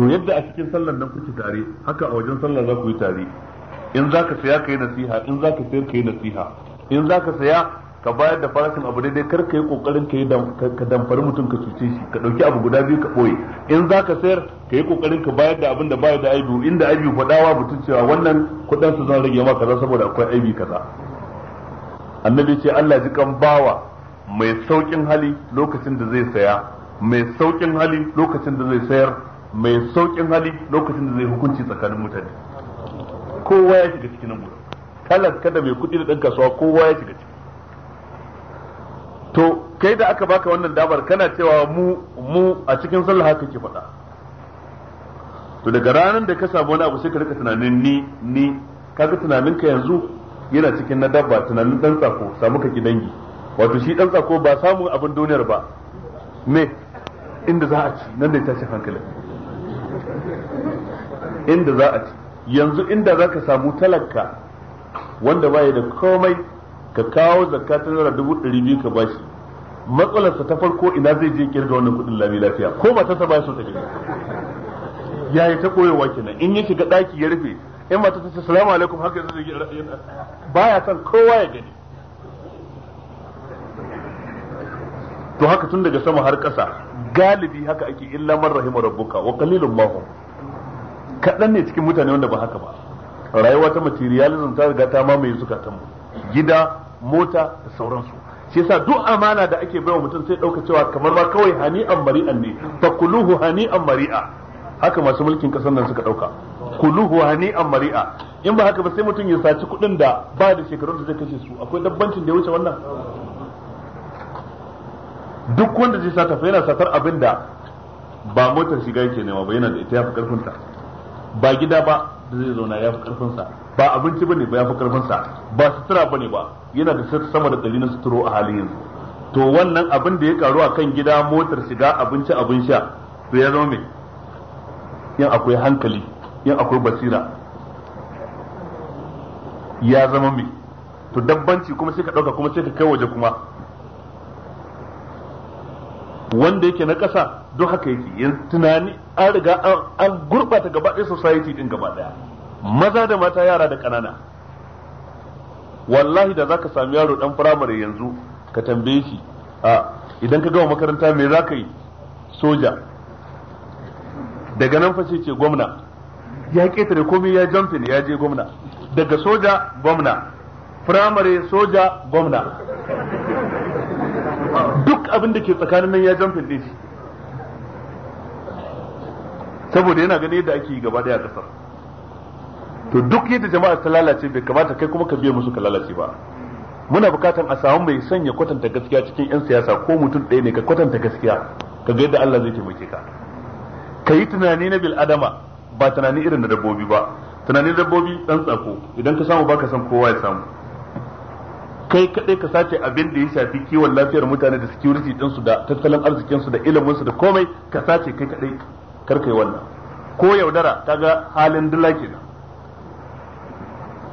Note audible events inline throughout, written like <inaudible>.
to yadda a cikin sallar nan kuke tare haka a wajen sallar za ku yi tare in za ka saya ka yi nasiha in za ka sayar ka yi nasiha in za ka saya ka bayar da farashin abu daidai kar ka yi kokarin ka yi ka damfari mutum ka cuce shi ka dauki abu guda biyu ka boye in za ka sayar ka yi kokarin ka bayar da abin da bayar da aibu inda aibu faɗawa mutum cewa wannan kuɗin su zan rage ma kaza saboda akwai aibi kaza annabi ce Allah ji kan bawa mai saukin hali lokacin da zai saya mai saukin hali lokacin da zai sayar mai saukin hali lokacin da zai hukunci tsakanin mutane kowa ya shiga cikin nan kalas kada mai kuɗi da ɗan kasuwa kowa ya shiga ciki to kai da aka baka wannan damar kana cewa mu mu a cikin sallah haka ke faɗa to daga ranar da ka samu wani abu sai ka rika tunanin ni ni kaga tunanin ka yanzu yana cikin na dabba tunanin dan tsako samu ka ki dangi wato shi dan tsako ba samun abin duniyar ba me inda za a ci nan da ya tashi hankalin inda za a ci yanzu inda za ka samu talaka wanda baya da komai ka kawo zakka ta naira dubu ɗari biyu ka bashi matsalarsa ta farko ina zai je kirga wannan kuɗin lami lafiya ko matarsa baya so ta gani ya yi ta koyewa kenan in ya shiga ɗaki ya rufe in mata ta salamu alaikum haka zai yi baya son kowa ya gani to haka tun daga sama har ƙasa galibi haka ake illa man rahima rabbuka wa qalilun mahum kaɗan ne cikin mutane wanda ba haka ba rayuwa ta materialism ta riga ta mamaye zukatanmu gida mota da sauransu shi yasa duk amana da ake baiwa mutum sai ɗauka cewa kamar ma kawai hani'an mari'an ne fa kuluhu hani'an mari'a haka masu mulkin kasar nan suka ɗauka kuluhu hani'an mari'a in ba haka ba sai mutum ya saci kuɗin da ba da shekarun da zai kashe su akwai dabbancin da ya wuce wannan duk wanda zai sata fa yana satar abin da ba motar shiga yake nema ba yana da ita ya fi karfin ta ba gida ba da zai zauna ya fi karfinsa ba abinci ne ba ya fi karfinsa ba sutura ba ne ba yana da sama da ɗari na suturo a halin yanzu to wannan abin da ya karu a kan gida motar shiga abinci abin sha to ya zama mai yin akwai hankali yin akwai basira ya zama mai to dabbanci kuma sai ka ɗauka kuma sai ka kai waje kuma wanda yake na ƙasa don haka yake tunani an riga an gurɓata gaba ɗaya society din gaba ɗaya maza da mata yara da ƙanana wallahi da zaka sami yaro dan firamare yanzu ka tambaye shi a idan ka gama makaranta me za ka yi soja daga nan fa ce gwamna ya ketare komai ya jamfin ya je gwamna daga soja gwamna firamare soja gwamna abin da ke tsakanin nan ya jan din shi saboda yana ganin yadda ake yi gaba daya kasar to duk yadda jama'a ta lalace bai kamata kai kuma ka biye musu ka lalace ba muna bukatan a samu mai sanya kwatanta gaskiya cikin yan siyasa ko mutum ɗaya ne ka kwatanta gaskiya ka ga yadda Allah zai taimake ka ka yi tunani na bil adama ba tunani irin na dabbobi ba tunanin dabbobi dan tsako idan ka samu baka san kowa ya samu kai kadai ka sace abin da ya shafi kiwon lafiyar mutane da security din su da tattalin arzikin su da ilimin su da komai ka sace kai kadai kar kai wannan ko yaudara kaga halin dila kenan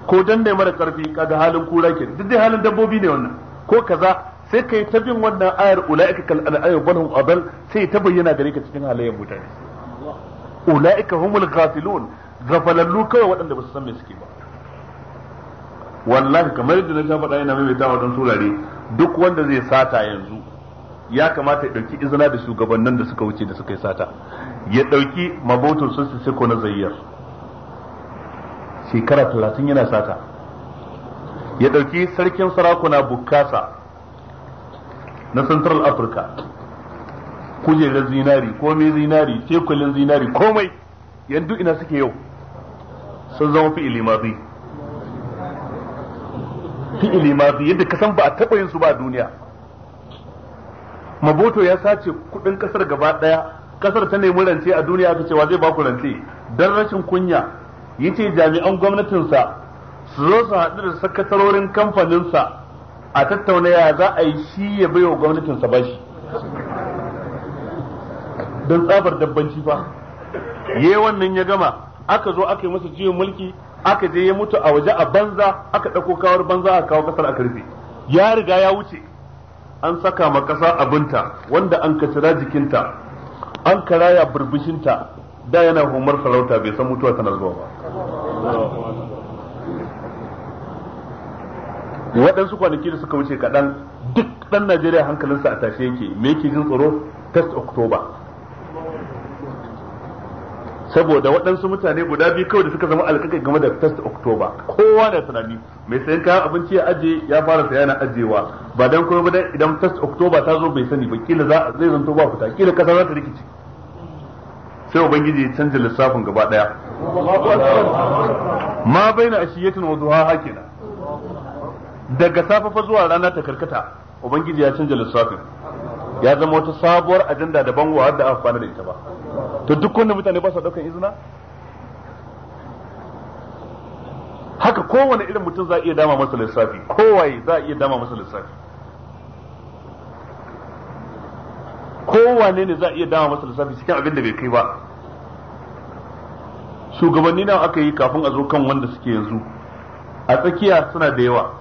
ko dandai mara karfi kaga halin kura kenan duk dai halin dabbobi ne wannan ko kaza sai kai ta bin wannan ayar ulaika kal al'ayu balhum abal sai ta bayyana gare ka cikin halayen mutane ulaika humul ghafilun gafalallu kawai waɗanda ba su san me suke ba wallahi kamar yadda na sha faɗa ina wa don turare duk wanda zai sata yanzu ya kamata ya ɗauki izina da shugabannin da suka wuce da suka yi sata ya ɗauki mabotar sun su ko na zayyar shekara talatin yana sata ya ɗauki sarkin sarakuna bukasa na central africa kujerar zinari komai zinari tekulin zinari komai yanzu ina suke yau sun zama fi ilimazi fi'ili fi yadda ka ba a taɓa yin su ba a duniya maboto ya sace kudin kasar gaba daya kasar ta nemi rance a duniya aka cewa zai ba ku rance dan rashin kunya yace jami'an gwamnatinsa su zo su haɗu da sakatarorin kamfaninsa a tattauna ya za a yi shi ya baiwa gwamnatinsa bashi don tsabar dabbanci fa yayi wannan ya gama aka zo aka yi masa jiwon mulki aka je ya mutu a waje a banza aka ɗauko kawar banza a kawo kasar a karfe ya riga ya wuce an saka ma ƙasa abinta wanda an kacira jikinta an karaya burbushinta da yana homar sarauta bai san mutuwa tana zuwa ba waɗansu kwanaki da suka wuce kaɗan duk ɗan najeriya hankalinsa a tashe yake me yake jin tsoro 1 oktoba saboda waɗansu mutane guda biyu kawai da suka zama alƙaƙai game da first october kowa da tunani mai sayan kayan abinci ya aje ya fara saya na ajewa ba dan kuma ba idan first october ta zo bai sani ba kila za a zai zanto ba fita kila kasa za ta rikici sai ubangiji ya canza lissafin gaba daya ma baina ashiyatin wa duha hakina daga fa zuwa rana ta karkata ubangiji ya canza lissafin ya zama wata sabuwar ajanda daban wa da aka kwana da ita ba to duk wanda mutane ba su daukan izina haka kowane irin mutum za a iya dama masa lissafi kowaye za a iya dama masa lissafi kowane ne za a iya dama masa lissafi cikin abin da bai kai ba shugabanni nawa aka yi kafin a zo kan wanda suke yanzu a tsakiya suna da yawa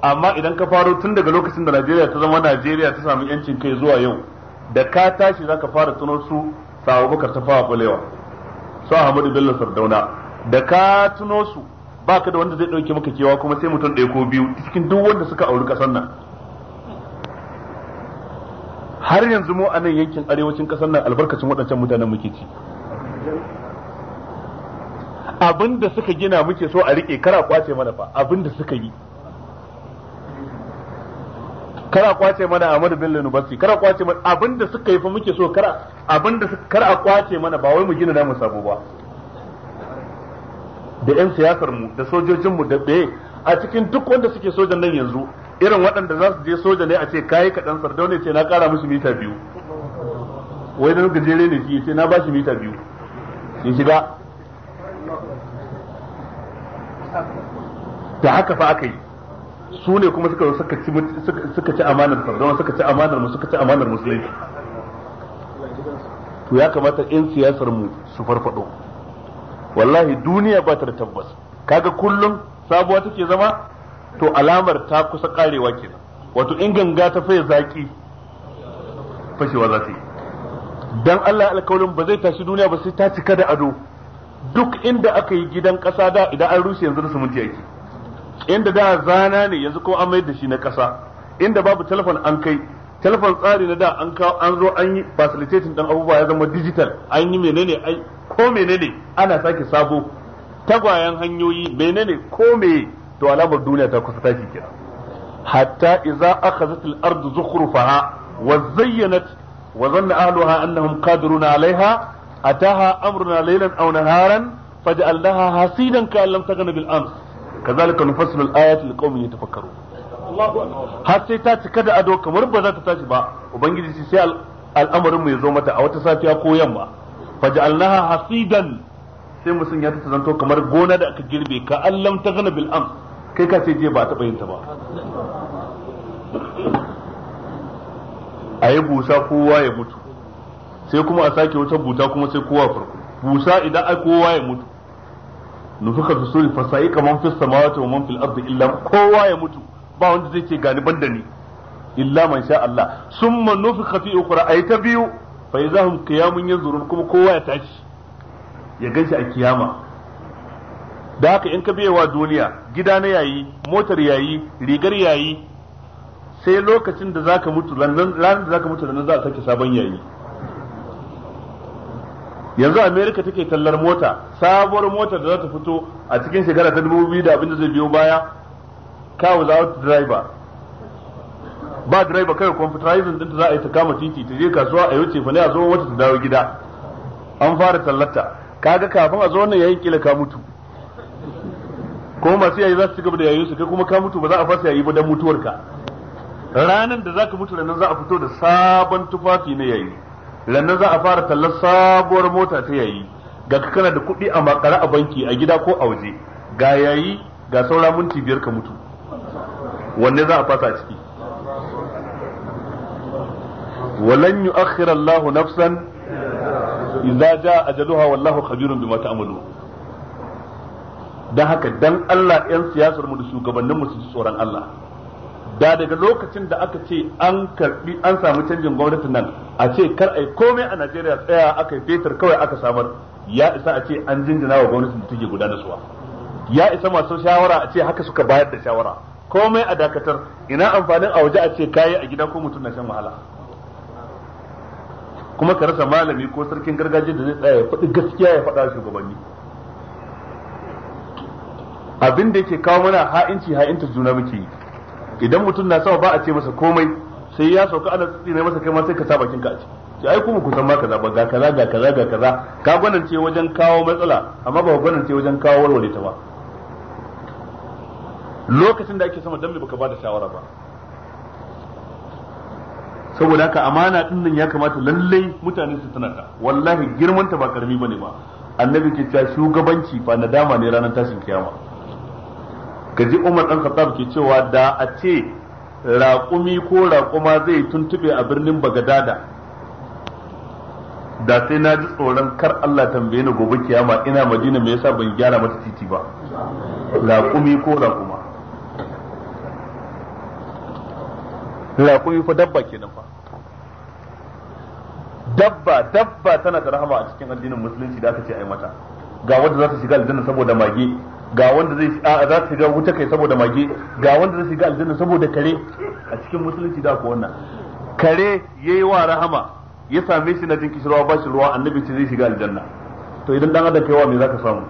amma idan ka faro tun daga lokacin da najeriya ta zama najeriya ta sami yancin kai zuwa yau da ka tashi za ka fara tuno su sa bakar ta fawa balewa su ahmadu bello sardauna da ka tuno su baka da wanda zai dauke maka kewa kuma sai mutum ɗaya ko biyu cikin duk wanda suka auri kasar nan har yanzu mu a nan yankin arewacin kasar nan albarkacin waɗancan mutanen muke ci abin da suka gina muke so a rike kara kwace mana fa abin da suka yi Kar a kwace mana Ahmad Bello kar a kwace mana abinda suka yi fa muke so kar abinda kar a kwace mana ba wai mu gina namu sabo ba da yan siyasar mu da sojojin mu da be a cikin duk wanda suke sojan nan yanzu irin waɗanda za su je soja ne a ce ka kaɗan sardau ne ce na ƙara musu mita biyu wai dan gajere ne shi ce na ba shi mita biyu shi shiga da haka fa aka yi su ne kuma suka suka ci amanar sardauna suka ci amanar mu suka ci amanar musulunci to ya kamata yan siyasar mu su farfado wallahi duniya ba ta da tabbas kaga kullum sabuwa take zama to alamar ta kusa karewa kenan wato in ganga ta faye zaki fashewa za ta yi dan Allah alkawalin ba zai tashi duniya ba sai ta cika da ado duk inda aka yi gidan kasa da idan an rushe yanzu da sumunci yake inda da zana ne yanzu kuma an mayar da shi na kasa, inda babu telefon an kai telefon tsari na da an kawo an zo an yi facilitating dan abubuwa ya zama digital an yi menene ai ko menene ana sake sabo tagwayen hanyoyi menene ko me to alamar duniya ta kusa tashi kira hatta idza akhadhat al-ardu zukhrufaha wa zayyanat wa dhanna ahluha annahum qadiruna 'alayha ataha amruna laylan aw naharan faj'alnaha hasidan ka'an lam taghna bil amsi kazalika nufassilu al-ayati liqaumin yatafakkaru har sai ta cika da ado kamar ba za ta tashi ba ubangiji sai al'amarin mu ya zo mata a wata safiya ko yamma faj'alnaha hasidan sai mu ya ta zanto kamar gona da aka girbe ka allam ta gana bil am kai ka ce je ba ta yin ta ba a yi busa kowa ya mutu sai kuma a sake wata buta kuma sai kowa farko busa idan ai kowa ya mutu nufuka fi suri fasai kaman fi samawati wa man fil ardi illa kowa ya mutu ba wanda zai ce gani banda ni illa man sha Allah summa nufuka fi ukhra ay ta biyu fa idahum qiyamun yanzurun kuma kowa ya tashi ya ganshi a kiyama da haka in ka biyewa duniya gida na yayi motar yayi rigar yayi sai lokacin da zaka mutu ranar da zaka mutu ranar za a sake sabon yayi yanzu america take tallar mota sabuwar mota da za ta fito a cikin shekara ta dubu biyu da abinda zai biyo baya car without driver ba driver kai computerizing din za a yi ta kama titi ta je kasuwa a wuce fa a zo wata ta dawo gida an fara tallata kaga kafin a zo wannan yayin kila ka mutu ko masu yayi za su ci gaba da yayin su kai kuma ka mutu ba za a fasa yayi ba dan mutuwarka ranan da za ka mutu ranan za a fito da sabon tufafi na yayi lannan za a fara tallar sabuwar mota ta yayi ga kana da kuɗi a makara a banki a gida ko a waje ga yayi ga saura minti biyar ka mutu wanne za a fasa a ciki walan yu'akhkhir Allahu nafsan idza jaa ajaluha wallahu khabirun bima ta'malu dan haka dan Allah yan siyasar mu da shugabannin mu su tsoron Allah da daga lokacin da aka ce an karbi an samu canjin gwamnati nan a ce kar ai komai a Najeriya tsaya aka yi fetur kawai aka samar ya isa a ce an jinjina wa gwamnati da take gudanar suwa ya isa masu shawara a ce haka suka bayar da shawara komai a dakatar ina amfanin a waje a ce kayi a gida ko mutum na shan wahala kuma ka rasa malami ko sarkin gargajiya da zai tsaya ya faɗi gaskiya ya faɗa shugabanni abin da yake kawo mana ha'inci ha'inta juna muke yi idan mutum na sama ba a ce masa komai sai ya sauka ana tsine masa kai ma sai ka sa bakin ka a ciki ce ai kuma kusan ma kaza ba ga kaza ga kaza ga kaza ka gwanance wajen kawo matsala amma ba gwanance wajen kawo warware ta ba lokacin da ake sama dan me baka bada shawara ba saboda haka amana din nan ya kamata lalle mutane su tana ta wallahi girman ta ba karami bane ba annabi ke cewa shugabanci fa nadama ne ranar tashin kiyama kaji Umar ɗan Khattab ke cewa da a ce raƙumi ko raƙuma zai tuntube a birnin Bagadada da sai na ji tsoron kar Allah tambaye ni gobe kiyama ina Madina me yasa ban gyara mata titi ba raƙumi ko raƙuma raƙumi fa dabba kenan fa dabba dabba tana da rahama a cikin addinin musulunci da aka ce ai mata ga wanda za ta shiga aljanna saboda mage ga wanda zai za ta shiga wuta kai saboda mage ga wanda zai shiga aljanna saboda kare a cikin musulunci da ko wannan kare yayi wa rahama ya same shi na jinki kishirwa ba shi ruwa annabi ce zai shiga aljanna to idan dan adam kaiwa me zaka samu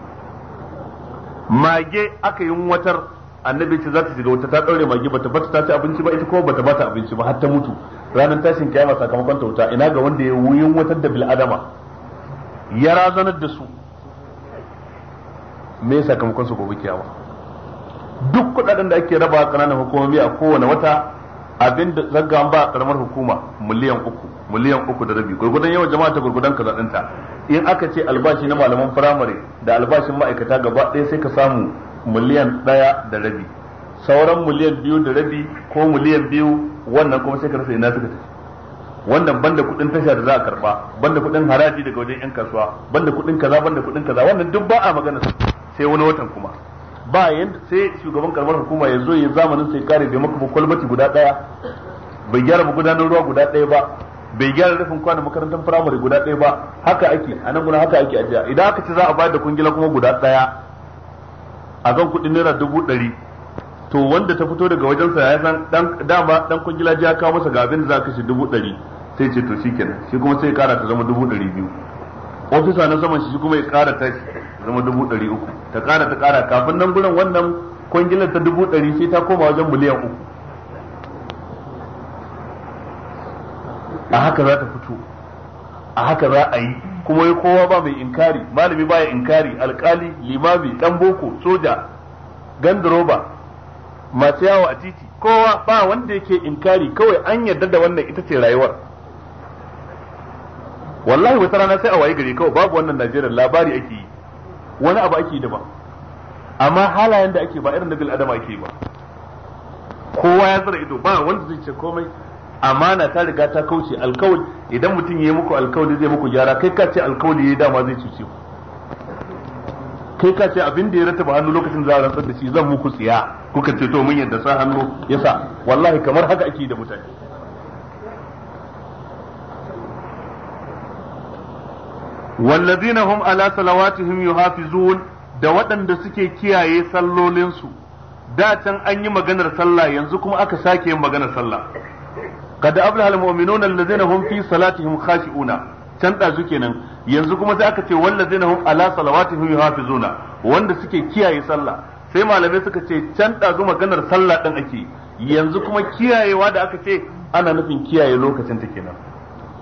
mage aka yi watar annabi ce za ta shiga wuta ta daure mage bata bata ta ci abinci ba ita kuma bata bata abinci ba har ta mutu ranar tashin kiyama sakamakon ta wuta ina ga wanda ya wuyin watar da bil adama ya razanar da su me sakamakon su gobe kiyama duk kudaden da ake raba kananan hukumomi a kowane wata abin da zagga an ba karamar hukuma miliyan uku miliyan uku da rabi gurgudan yawan jama'a ta gurgudan kaza ɗinta in aka ce albashi na malaman firamare da albashin ma'aikata gaba ɗaya sai ka samu miliyan ɗaya da rabi sauran miliyan biyu da rabi ko miliyan biyu wannan kuma sai ka rasa ina suka tafi wannan banda kuɗin tasha da za a karba banda kuɗin haraji daga wajen 'yan kasuwa banda kuɗin kaza banda kuɗin kaza wannan duk ba a magana sai wani watan kuma ba yanda sai shugaban karamar hukuma ya zo ya zamanin sai kare bai maka kwalbati guda daya bai gyara gudanar ruwa guda daya ba bai gyara rufin kwanan makarantar firamare guda daya ba haka ake a nan gudan haka ake a jiya idan aka ce za a bayar da kungila kuma guda daya a kan kuɗin naira dubu ɗari to wanda ta fito daga wajen ya san dan dama dan kungila ji ya kawo masa ga abin da za ka shi dubu ɗari sai ce to shikenan shi kuma sai ya kara ta zama dubu ɗari biyu ofisa na saman shi kuma ya kara ta zama dubu ɗari uku ta ƙara ta ƙara kafin nan gurin wannan kwangilar ta dubu ɗari sai ta koma wajen miliyan uku a haka za ta fito a haka za a yi kuma yi kowa ba mai inkari malami baya inkari alkali limami dan boko soja gandaroba masu yawo a titi kowa ba wanda yake inkari kawai an yarda da wannan ita ce rayuwar wallahi wata rana sai a waye gari kawai babu wannan najeriya labari ake yi wani abu ake da ba amma halayen da ake ba irin na bil'adam ake ba kowa ya tsara ido ba wanda zai ce komai amana ta riga ta kauce alkawali idan mutum ya yi muku alkawali zai muku gyara kai ka ce alkawali ya yi dama zai cuce ku kai ka ce abin da ya rataba hannu lokacin za a rantsar da shi zan muku tsiya kuka ce to mun yadda sa hannu ya sa wallahi kamar haka ake da mutane wallazina hum ala salawatihim yuhafizun da waɗanda suke kiyaye sallolinsu da can an yi maganar sallah yanzu kuma aka sake yin maganar sallah abla al mu'minuna alladhina hum fi salatihim khashi'una can su kenan yanzu kuma sai aka ce wallazina hum ala salawatihim yuhafizuna wanda suke kiyaye sallah sai malamai suka ce can ɗazu maganar sallah din ake yanzu kuma kiyayewa da aka ce ana nufin kiyaye lokacin ta kenan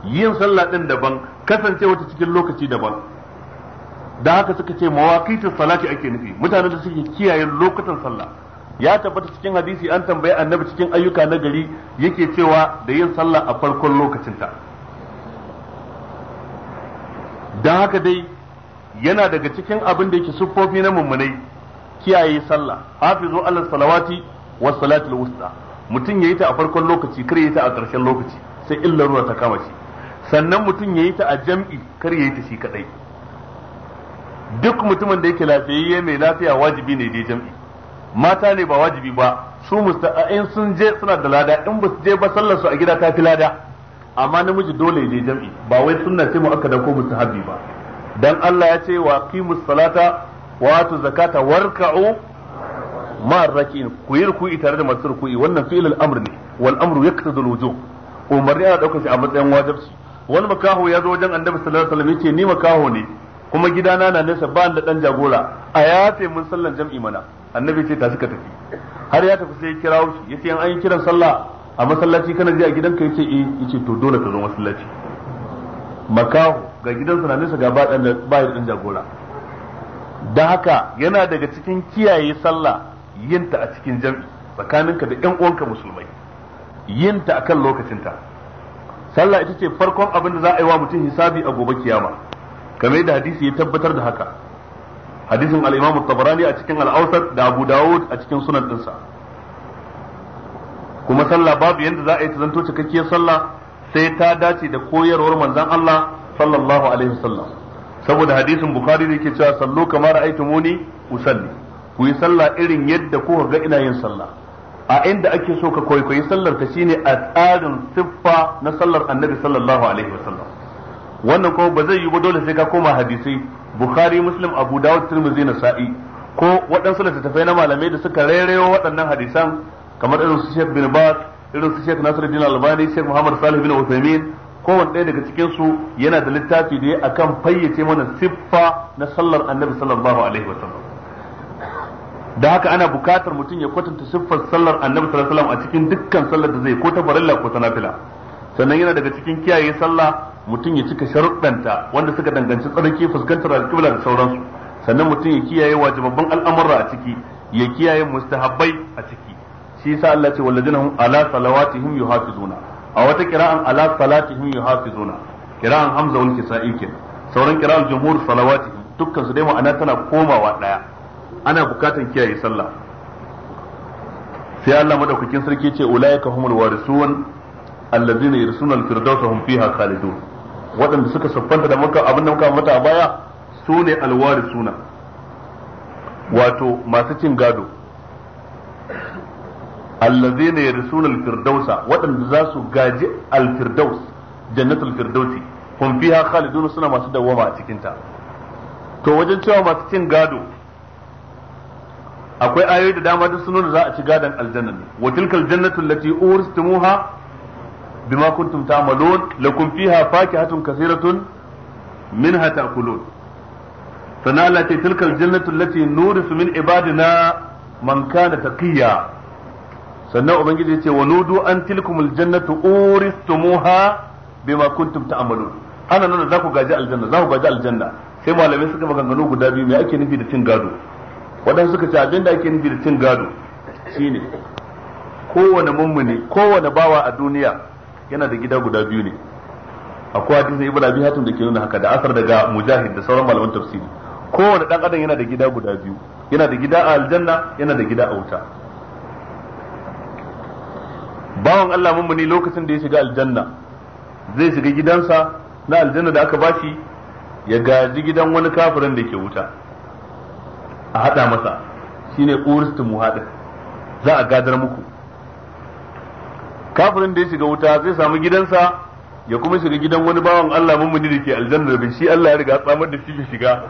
yin sallah din daban kasance wata cikin lokaci daban da haka suka ce mawaqitus salati ake nufi mutane da suke kiyaye lokutan sallah ya tabbata cikin hadisi an tambayi annabi cikin ayyuka na gari yake cewa da yin sallah a farkon lokacinta Da haka dai yana daga cikin abin da yake siffofi na mummunai kiyaye sallah hafizu alal salawati wa salatul wusta mutum yayi ta a farkon lokaci kare yayi ta a ƙarshen lokaci sai illar ruwa ta kama shi sannan mutum ya yi ta a jam'i kar ya yi ta shi kadai duk mutumin da yake lafiyayye mai lafiya wajibi ne dai jam'i mata ne ba wajibi ba su musta'in sun je suna da lada in ba su je ba sallar su a gida ta fi lada amma namiji dole ne jam'i ba wai sunna ce muakkada ko habi ba dan Allah ya ce wa qimus salata wa zakata warka'u ma rakin ku yi tare da masu ruku'i wannan fi'il al ne wal amru wujub umarni ana daukar shi a matsayin wajibci wani makaho ya zo wajen annabi sallallahu alaihi wasallam yace ni makaho ne kuma gidana na nesa ba da dan jagora a yafe mun sallan jam'i mana annabi ce ta suka tafi har ya tafi sai ya kirawo shi yace an yi kiran sallah a masallaci kana je a gidanka yace eh yace to dole ka zo masallaci makaho ga gidansa na nesa ga ba dan ba dan jagora da haka yana daga cikin kiyaye sallah yinta a cikin jam'i tsakaninka da ƴan uwanka musulmai yinta akan lokacinta sallah ita ce farkon abin da za a yi wa mutum hisabi a gobe kiyama kamar yadda hadisi ya tabbatar da haka hadisin al-Imam tabarani a cikin al da Abu Dawud a cikin sunan dinsa kuma sallah babu yadda za a yi ta zanto cikakkiyar sallah sai ta dace da koyarwar manzon Allah sallallahu alaihi wasallam saboda hadisin Bukhari da yake cewa sallu kamar ra'aytumuni usalli ku yi sallah irin yadda ku ga ina yin sallah a inda ake so ka kwaikwayi sallar ta shine a tsarin siffa na sallar annabi sallallahu alaihi wasallam wannan kuma ba zai yi ba dole sai ka koma hadisai bukhari muslim abu dawud tirmidhi nasa'i ko waɗansu littattafai na malamai da suka rairayo waɗannan hadisan kamar irin su Sheikh bin Baz irin su Sheikh Nasiruddin Albani Sheikh Muhammad Salih bin Uthaymeen kowanne ɗaya daga cikin su yana da littafi da akan fayyace mana siffa na sallar annabi sallallahu alaihi wasallam da haka ana bukatar mutum ya kwatanta siffar sallar annabi sallallahu alaihi a cikin dukkan sallar da zai ko ta farilla ko ta nafila sannan yana daga cikin kiyaye sallah mutum ya cika sharuɗanta wanda suka danganci tsarki fuskantar alƙibla da sauransu sannan mutum ya kiyaye wajibabban al'amura a ciki ya kiyaye mustahabbai a ciki shi yasa Allah ce wallazina hum ala salawatihim yuhafizuna a wata kira'an ala salatihim yuhafizuna kira'an hamza wal kisa'i kenan sauran kira'an jumhur salawatihim dukkan su dai ma'ana tana komawa daya ana bukatan kiyaye sallah sai Allah madaukakin sarki ce ulaika humul warisun allazina yarsuna al-firdausa hum fiha khalidun waɗanda suka saffanta da muka abin da muka mata a baya su ne alwarisuna wato masu cin gado allazina yarsuna al-firdausa waɗanda za su gaji al-firdaus jannatul firdausi hum fiha khalidun suna masu dawwama a cikin ta to wajen cewa masu cin gado akwai ayoyi da dama duk sunan da za a ci gadan aljanna ne wa tilkal jannatu allati urstumuha bima kuntum ta'malun lakum fiha fakihatun kaseeratun minha ta'kulun sana allati tilkal jannatu allati nurisu min ibadina man kana taqiya sannan ubangiji yace wa nudu an tilkumul jannatu urstumuha bima kuntum ta'malun ana nan za ku gaji aljanna za ku gaji aljanna sai malamai suka maganganu guda biyu me ake nufi da cin gado waɗansu suka ce abin da ake nufi da cin gado shine kowane mummuni kowane bawa a duniya yana da gida guda biyu ne akwai hadisin ibnu abi hatim da ke nuna haka da asar daga mujahid da sauran malaman tafsiri kowane dan adam yana da gida guda biyu yana da gida a aljanna yana da gida a wuta bawan Allah mummuni lokacin da ya shiga aljanna zai shiga gidansa na aljanna da aka bashi ya gaji gidan wani kafirin da ke wuta a hada masa shine uristu muhadin za a gadar muku kafirin da ya shiga wuta zai samu gidansa ya kuma shiga gidan wani bawan Allah mummuni da ke aljanna bin shi Allah ya riga tsamar da shi bai shiga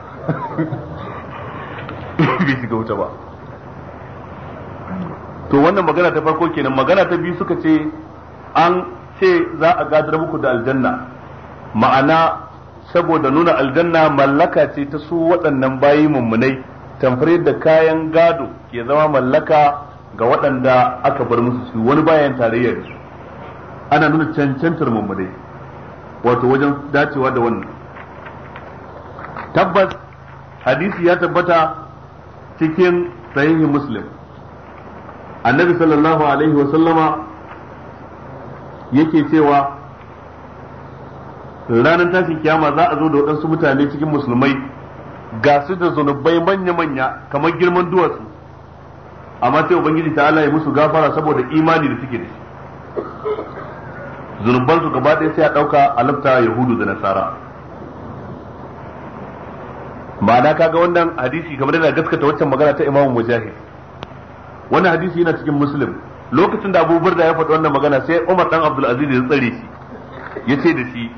<laughs> bai shiga wuta ba to wannan magana ta farko kenan magana ta biyu suka ce an ce za a gadar muku da aljanna ma'ana saboda nuna aljanna mallaka ce ta su waɗannan bayi mummunai Tamfari yadda kayan gado ke zama mallaka ga waɗanda aka bar musu su wani bayan tarayyar su ana nuna cancantar mummure wato wajen dacewa da wannan tabbas hadisi ya tabbata cikin sahihi muslim annabi sallallahu alaihi wa sallama yake cewa ranar tashin kiyama za a zo da waɗansu mutane cikin musulmai ga su da zunubai manya-manya kamar girman duwatsu amma sai ubangiji ta Allah ya musu gafara saboda imani da suke da shi zunuban su gaba ɗaya sai a ɗauka a lafta yahudu da nasara ma'ana kaga wannan hadisi kamar yana gaskata waccan magana ta imamu mujahid wannan hadisi yana cikin muslim lokacin da abubuwar da ya faɗi wannan magana sai umar dan abdul aziz ya tsare shi ya ce da shi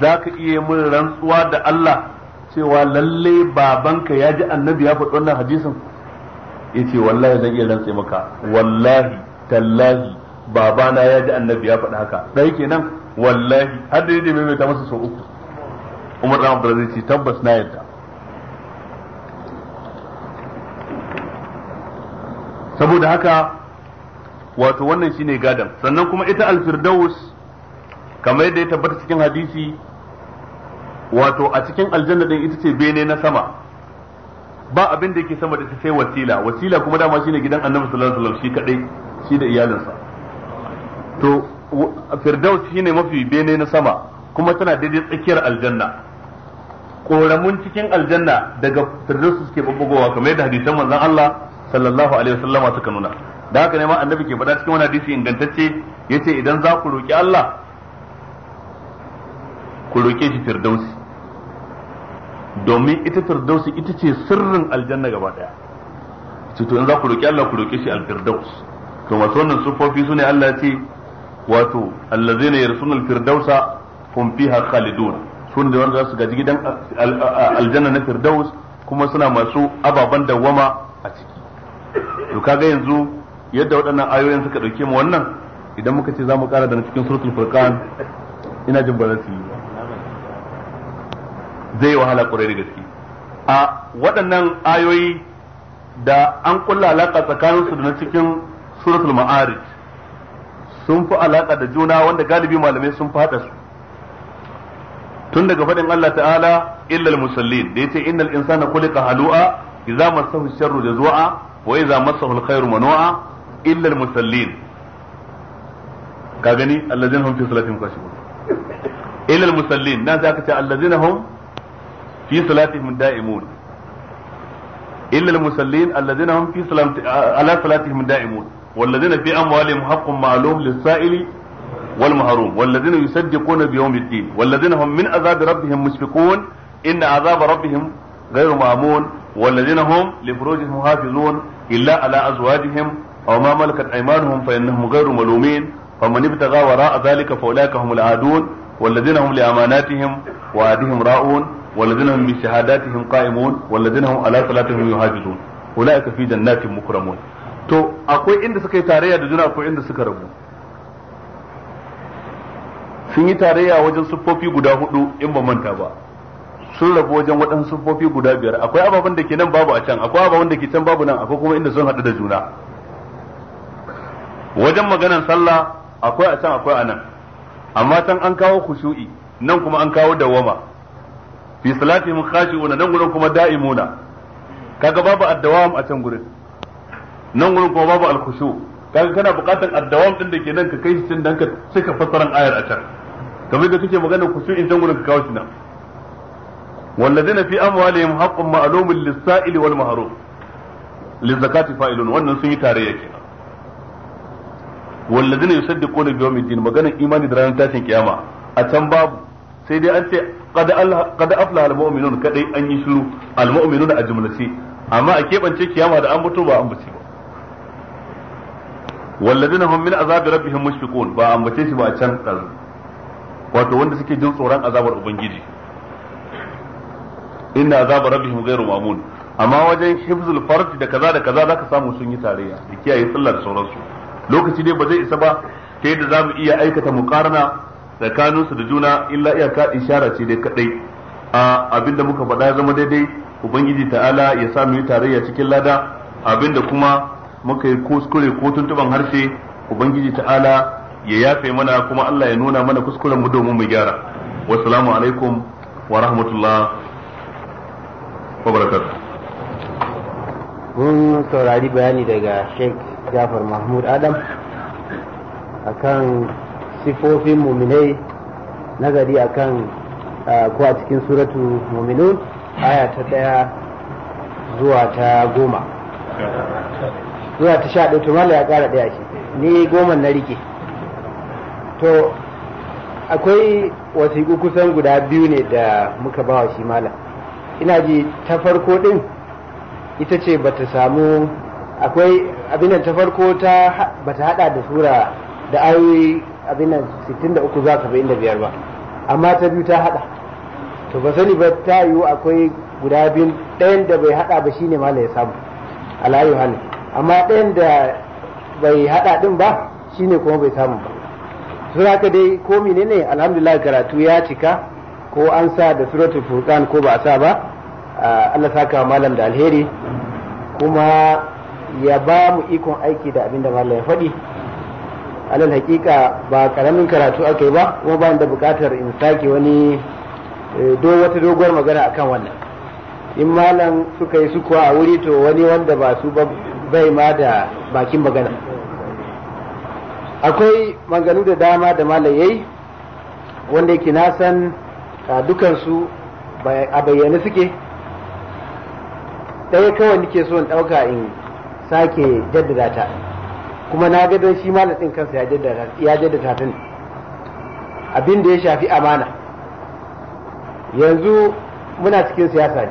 za ka iya min rantsuwa da Allah cewa lalle babanka ya ji annabi ya faɗi wannan hadisin ya ce wallahi zan iya rantse maka wallahi tallahi babana ya ji annabi ya faɗi haka ɗaya kenan wallahi har da ya ta masa sau uku umar ɗan zai ce tabbas na yadda saboda haka wato wannan shine gadon sannan kuma ita alfirdaus kamar yadda ya tabbata cikin hadisi wato a cikin aljanna din ita ce bene na sama ba abin da yake sama da ta sai wasila wasila kuma dama shine gidan annabi sallallahu alaihi wasallam shi kadai shi da iyalinsa to firdaus shine mafi bene na sama kuma tana daidai tsakiyar aljanna koramun cikin aljanna daga firdaus suke babbugowa kamar yadda hadisan manzon Allah sallallahu alaihi wasallama suka nuna da haka ne ma annabi ke faɗa cikin wani hadisi ingantacce yace idan za ku roki Allah ku roke shi firdausi domin ita firdausi ita ce sirrin aljanna gaba daya ce to in za ku roki Allah ku roki shi alfirdaus to masu wannan sufofi su Allah ya ce wato allazina yarsunul firdausa hum fiha khalidun sun da wanda su gaji gidan aljanna na firdaus kuma suna masu ababan dawwama a ciki to kaga yanzu yadda waɗannan ayoyin suka dauke mu wannan idan muka ce za mu kara da cikin suratul furqan ina jin ba yi zai wahala ƙwarai da gaske a waɗannan ayoyi da an kulla alaƙa tsakaninsu da na cikin suratul ma'arij sun fi alaƙa da juna wanda galibi malamai sun fada su tun daga faɗin Allah ta'ala illal musallin da yace innal insana khuliqa halu'a idza massahu sharru jazua wa idza massahu alkhairu manua illal musallin ka gani allazina hum fi salatihim khashu'un <laughs> illal musallin nan sai aka ce allazina hum في صلاتهم الدائمون إلا المسلين الذين هم في fi على صلاتهم الدائمون والذين في أموالهم حق معلوم للسائل والمهروم والذين يصدقون بيوم الدين والذين هم من عذاب ربهم مشفقون إن عذاب ربهم غير مأمون والذين هم لفروجهم حافظون إلا على أزواجهم أو ما ملكت أيمانهم فإنهم غير ملومين فمن ابتغى وراء ذلك فأولئك هم العادون والذين هم لأماناتهم وعدهم راؤون والذين هم بشهاداتهم قائمون والذين هم على صلاتهم يحافظون اولئك في جنات مكرمون to akwai inda سكاي تاريا tarayya da juna سكا inda suka rabu sun yi tarayya wajen siffofi guda hudu in ba manta ba sun rabu wajen waɗansu siffofi guda biyar akwai ababen da ke nan babu a can akwai ababen da ke can babu nan akwai kuma inda sun haɗu da juna wajen maganan sallah akwai a can akwai a nan amma can an kawo kushu'i nan kuma an kawo dawama fi salatihim khashi'un nan gurin kuma da'imuna kaga babu addawam a can gurin nan gurin kuma babu al kaga kana buƙatar addawam din da ke nan ka kai shi cin dan ka cika fasaran ayar a can kamar da kake magana in can gurin ka kawo shi nan والذين في أموالهم حق معلوم للسائل والمحروم للزكاة فاعلون wannan sun yi tarayya kenan والذين يصدقون بيوم الدين magana imani da ranar tashin kiyama a can babu sai dai an ce qad al-muminun kadai an yi shiru al-muminun a jumlace amma a kebance kiyama da an mutu ba an buci ba walladina hum min azabi rabbihim mushfiqun ba an bace shi ba a can tsaro wato wanda suke jin tsoron azabar ubangiji inna azaba rabbihim ghayru mamun amma wajen hifzul fard da kaza da kaza zaka samu sun yi tarayya da kiyaye sallar sauransu lokaci dai ba zai isa ba kai da zamu iya aikata muqarna tsakaninsu da juna illa iyaka ishara ce dai kadai a abinda muka faɗa zama daidai ubangiji ta'ala ya sa mu yi tarayya cikin lada abinda kuma muka yi kuskure ko tuntuban harshe ubangiji ta'ala ya yafe mana kuma Allah ya nuna mana kuskuren mu domin mu gyara wassalamu alaikum wa rahmatullah wa barakatuh mun saurari bayani daga Sheikh Jafar Mahmud Adam akan sifofin muminai nagari akan ah, ko a cikin suratu muminun aya ta daya zuwa ta goma zuwa ta sha ɗaya tumala ya ƙara ɗaya shi ni goma na rike to akwai wasiƙu kusan guda biyu ne da muka ba wa shi malam ina ji ta farko ɗin ita ce ba ta samu akwai abin da ta farko ta ba ta haɗa da sura da ayoyi abin nan 63 inda biyar ba amma ta biyu ta hada to ba sani ba ta yiwu akwai guda biyun ɗayan da bai hada ba shine mala ya samu alayu hali amma ɗayan da bai hada din ba shine kuma bai samu ba sun haka dai ko menene alhamdulillah karatu ya cika ko an sa da suratul furqan ko ba a sa ba Allah saka malam da alheri kuma ya ba mu ikon aiki da abin da malam ya faɗi alal hakika ba karamin karatu aka yi ba kuma ba da bukatar in sake wani eh, do wata doguwar magana akan wannan in malam suka yi sukuwa a wuri to wani wanda ba su bai ma da bakin magana akwai maganu da dama da malam yayi wanda yake nasan san ah, dukansu a bayyane suke ɗaya kawai nake so in ɗauka in sake jaddada ta kuma na ga don shi malam din kansa ya jaddada ya jaddada ta ne abin da ya shafi amana yanzu muna cikin siyasa ne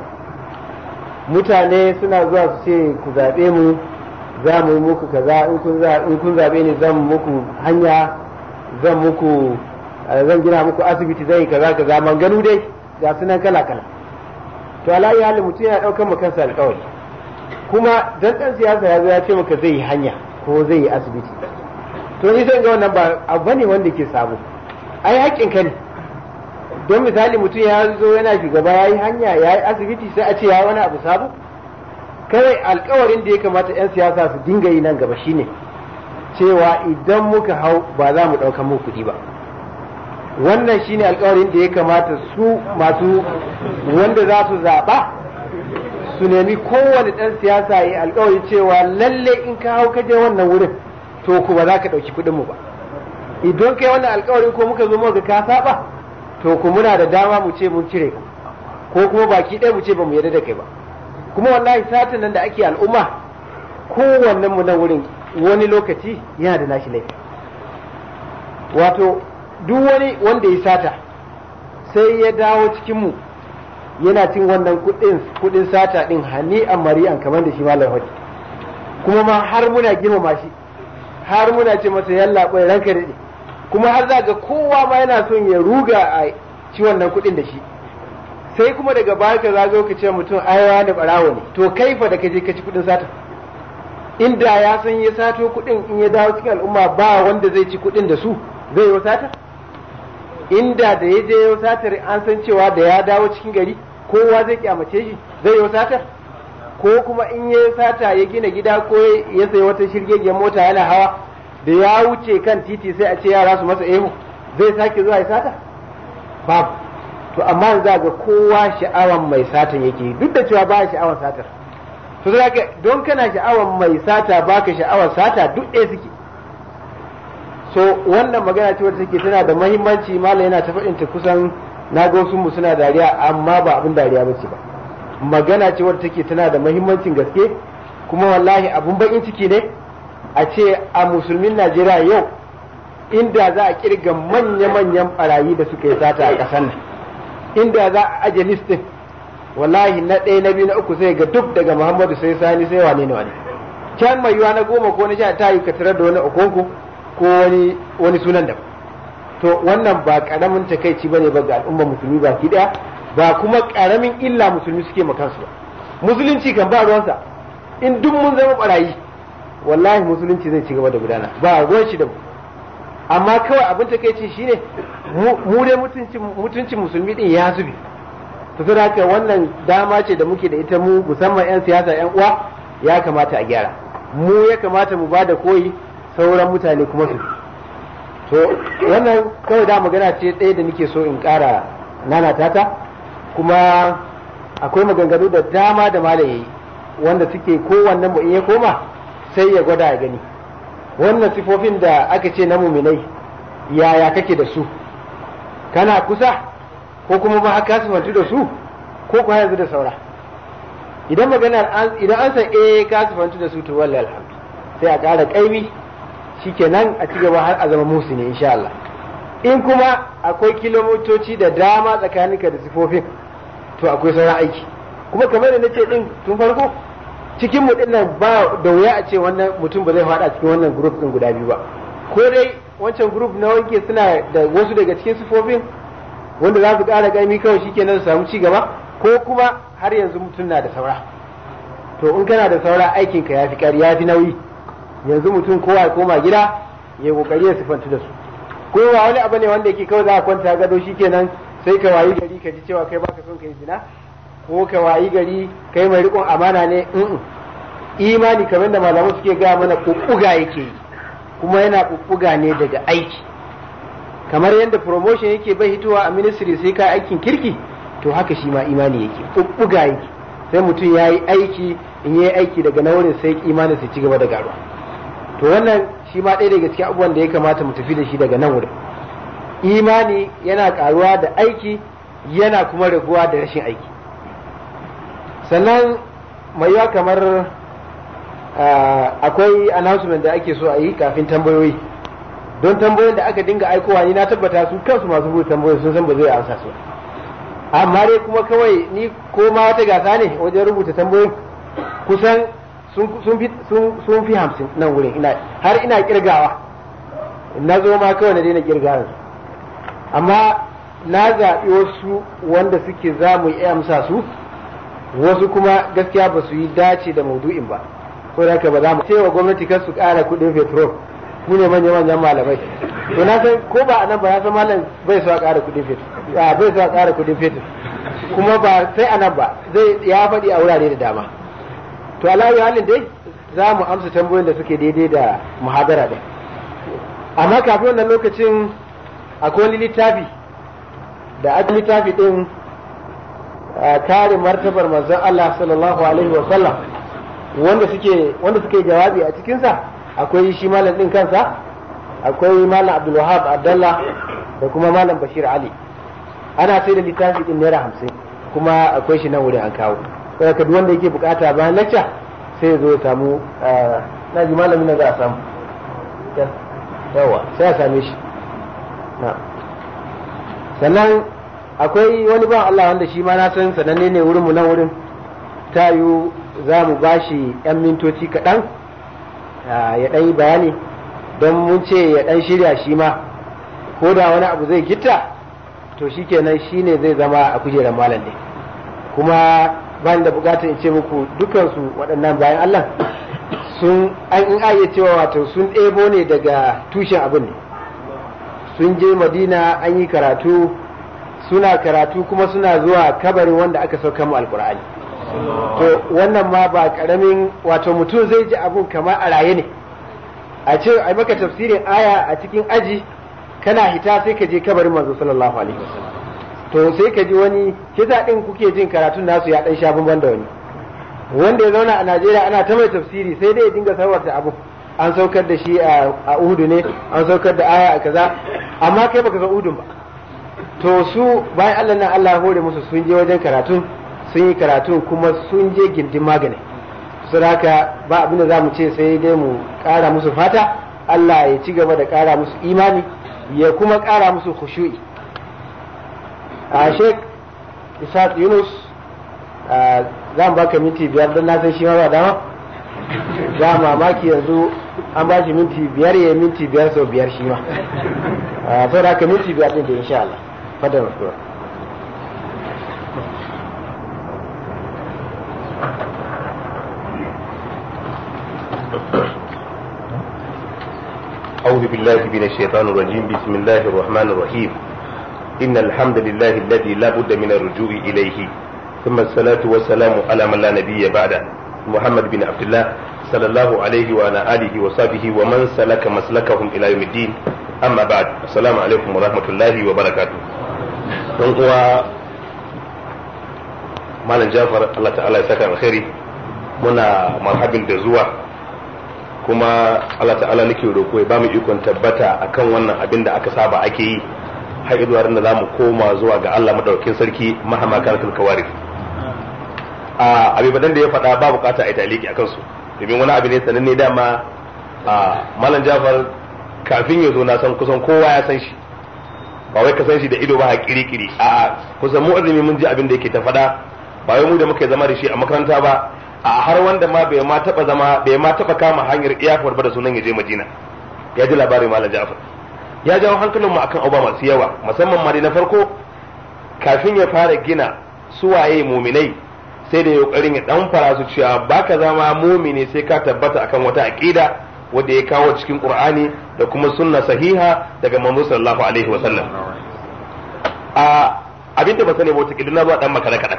mutane suna zuwa su ce ku zaɓe mu za mu yi muku kaza in kun zaɓe ni zan muku hanya zan muku eh, zan gina muku asibiti zan yi kaza kaza manganu dai ga sunan kala kala to alayi hali mutum yana ɗaukar mu kansa alƙawari kuma dan siyasa ya zo ya ce maka zai yi hanya ko zai yi asibiti to ni zan ga wannan ba abu ne wanda ke sabo ai haƙƙin ka ne don misali mutum ya zo yana shugaba ya yi hanya ya yi asibiti sai a ce ya wani abu sabo kai alkawarin da ya kamata 'yan siyasa su dinga yi nan gaba shine cewa idan muka hau ba za mu ɗauka mu kuɗi ba wannan shine alkawarin da ya kamata su masu wanda za su zaɓa su nemi kowane ɗan siyasa ya alkawari cewa lalle in ka hau kaje wannan wurin to ku ba za ka ɗauki kuɗin mu ba idan kai wannan alkawari ko muka zo ga ka saba to ku muna da dama mu ce mun cire ku ko kuma baki ɗaya mu ce ba mu yarda da kai ba kuma wallahi satin nan da ake al'umma kowannen mu nan wurin wani lokaci yana da nashi laifi wato duk wani wanda ya sata sai ya dawo cikin mu yana cin wannan kudin kudin sata din mari mari'an kamar da shi malam kuma ma har muna girmama shi har muna ce masa yalla kai ranka dade kuma har za ga kowa ma yana son ya ruga a ci wannan kudin da shi sai kuma daga baya ka zago ka ce mutum ayawa da barawo ne to kai fa da kaje ka ci kudin sata inda ya san ya sato kudin in ya dawo cikin al'umma ba wanda zai ci kudin da su zai yi sata inda da ya je yau satar an san cewa da ya dawo cikin gari kowa zai kyamace shi zai yau satar ko kuma in ya sata ya gina gida ko ya sayi wata shirgegen mota yana hawa da ya wuce kan titi sai a ce yara su masa ehu zai sake zuwa ya sata babu to amma za ga kowa sha'awan mai satan yake duk da cewa ba sha'awan satar to don kana sha'awan mai sata baka sha'awan sata duk ɗaya suke so wannan magana ce wadda take tana da mahimmanci malam yana ta kusan na ga mu suna dariya amma ba abin dariya ba ce ba magana ce wadda take tana da mahimmancin gaske kuma wallahi abun bakin ciki ne a ce a musulmin najeriya yau inda za a kirga manya-manyan barayi da suka yi sata a ƙasar nan inda za a aje listin wallahi na ɗaya na biyu na uku sai ga duk daga muhammadu sai sani sai wane ne wane can mai yiwa na goma ko na sha ta yi ka tarar da wani okonku ko wani sunan da to wannan ba karamin takaici bane ba ga al'ummar musulmi ki daya ba kuma karamin illa musulmi suke makansu ba musulunci kan ba ruwansa in duk mun zama barayi wallahi musulunci zai ci da gudana ba ruwan shi da mu amma kawai abin takaici shine mu dai mutuncin musulmi din ya zube to saboda haka wannan dama ce da muke da ita mu musamman yan siyasa yan uwa ya kamata a gyara mu ya kamata mu bada koyi sauran mutane kuma su to wannan kawai da magana ce ɗaya da nake so in ƙara nanata ta kuma akwai maganganu da dama da malam yayi wanda suke kowannen mu in ya koma sai ya gwada ya gani wannan sifofin da aka ce na muminai yaya kake da su kana kusa ko kuma ba haka sifantu da su ko kuwa yanzu da saura idan maganar idan an san eh ka sifantu da su to wallahi alhamdu sai a ƙara ƙaimi shikenan a ci gaba har a zama musu ne insha Allah in kuma akwai kilomitoci da dama tsakaninka da sifofin to akwai sauran aiki kuma kamar da nace din tun farko cikin mu dinnan ba da wuya a ce wannan mutum ba zai fada cikin wannan group din guda biyu ba ko dai wancan group na wanke suna da wasu daga cikin sifofin wanda za su ƙara ƙaimi kawai shikenan su samu ci gaba ko kuma har yanzu mutum na da saura to in kana da saura aikinka ya fi ƙari ya fi nauyi yanzu mutum kowa ya koma gida ya kokari ya sifantu da su kowa ba wani abu ne wanda yake kawai za a kwanta gado Shi kenan sai ka wayi gari ka ji cewa kai baka son ka yi zina ko ka wayi gari kai mai rikon amana ne imani kamar da malamu suke gaya mana kukkuga yake yi kuma yana kukkuga ne daga aiki kamar yadda promotion yake bai hitowa a ministry sai ka aikin kirki to haka shi ma imani yake kukkuga yake sai mutum ya yi aiki in yi aiki daga na wurin sai imanin sai ci gaba da garuwa to wannan shi ma ɗaya daga cikin abubuwan da ya kamata mu tafi da shi daga nan wurin imani yana karuwa da aiki yana kuma raguwa da rashin aiki sannan mai yawa kamar akwai announcement da ake so a yi kafin tambayoyi don tambayoyin da aka dinga aikowa ni na tabbata su kansu masu buɗe tambayoyi sun san ba zai amsa su amma dai kuma kawai ni ko ma wata gasa ne wajen rubuta tambayoyin kusan sun fi hamsin nan wurin ina har ina kirgawa na zo ma kawai na daina kirgawa amma na zaɓi wasu wanda suke za mu yi amsa su wasu kuma gaskiya ba su yi dace da maudu'in ba ko da ka ba za mu cewa gwamnati kan su ƙara kuɗin fetrol mu ne manyan manyan malamai to na san ko ba a nan ba na san malam bai so a ƙara kuɗin fetur bai so a ƙara kuɗin fetur kuma ba sai a nan ba zai ya faɗi a wurare da dama to alayi halin dai za mu amsa tambayoyin da suke daidai da muhadara dai amma kafin wannan lokacin akwai wani littafi da aka littafi din kare martabar manzon Allah sallallahu alaihi wa sallam wanda suke wanda suke jawabi a cikin sa akwai shi malam din kansa akwai malam Abdul Wahab Abdullah da kuma malam Bashir Ali ana sai da littafi din naira hamsin kuma akwai shi nan wurin an kawo sai ka duk wanda yake bukata ba lacca sai ya zo ya samu na ji malamin da za a samu yawa sai a same shi sannan akwai wani ba Allah wanda shi ma na san sananne ne wurinmu nan wurin ta yiwu za mu ba shi 'yan mintoci kaɗan ya ɗan yi bayani don mun ce ya ɗan shirya shi ma ko da wani abu zai gita to shi kenan shi ne zai zama a kujerar malam ne kuma bayan da bukatar in ce muku dukansu waɗannan bayan Allah sun an in aye cewa wato sun ɗebo ne daga tushen abin ne sun je madina an yi karatu suna karatu kuma suna zuwa kabarin wanda aka sauka mu alkur'ani to wannan ma ba karamin wato mutum zai ji abun kamar a raye ne a ce ai maka tafsirin aya a cikin aji kana hita sai ka je kabarin manzo sallallahu alaihi wasallam to sai ka ji wani kisa ɗin kuke jin karatun nasu ya ɗan sha bamban da wani wanda ya zauna a Najeriya ana ta mai tafsiri sai dai ya dinga sarwarta abu an saukar da shi a Uhudu ne an saukar da aya a kaza amma kai baka san Uhudun ba to su bayan Allah nan Allah hore musu sun je wajen karatun sun yi karatun kuma sun je gindin magani su haka ba abin da za ce sai dai mu kara musu fata Allah ya ci gaba da kara musu imani ya kuma kara musu khushu'i a shek isaac yunus za mu baka minti biyar don na san shi ma ba dama za mamaki yanzu an ba shi minti biyar ya minti biyar sau biyar shi ma sau da haka minti biyar ɗin da insha Allah fadar rasuwa أعوذ بالله من الشيطان الرجيم بسم الله الرحمن الرحيم إن الحمد لله الذي لا بد من الرجوع إليه ثم الصلاة والسلام على من لا نبي بعده محمد بن عبد الله صلى الله عليه وعلى آله وصحبه ومن سلك مسلكهم إلى يوم الدين أما بعد السلام عليكم ورحمة الله وبركاته هو مالن جعفر الله تعالى يسكن الخير muna marhabin da zuwa kuma Allah ta'ala nake roƙo ya ba mu ikon tabbata akan wannan abin da aka saba ake yi har zuwa da za mu koma zuwa ga Allah madaukakin sarki mahama karatul kawarif a badan da ya faɗa ba bukata a yi taliki akan su domin wani abu ne sananne dama a malam jafar kafin ya zo na san kusan kowa ya san shi ba wai ka san shi da ido ba kiri-kiri a kusan mu azumi mun ji abin da yake ta faɗa ba wai mu da muka zama da shi a makaranta ba a har wanda ma bai ma taba zama bai ma taba kama hanyar iyafar ba da sunan ya je Madina ya ji labarin malam Ja'far ya jawo hankalinmu akan abubuwa masu yawa musamman ma na farko kafin ya fara gina suwaye muminai sai da kokarin ya dan fara su cewa baka zama mumini sai ka tabbata akan wata aqida wanda ya kawo cikin qur'ani da kuma sunna sahiha daga manzo sallallahu alaihi wa sallam a abin da ba sani ba wata na zuwa dan makara kada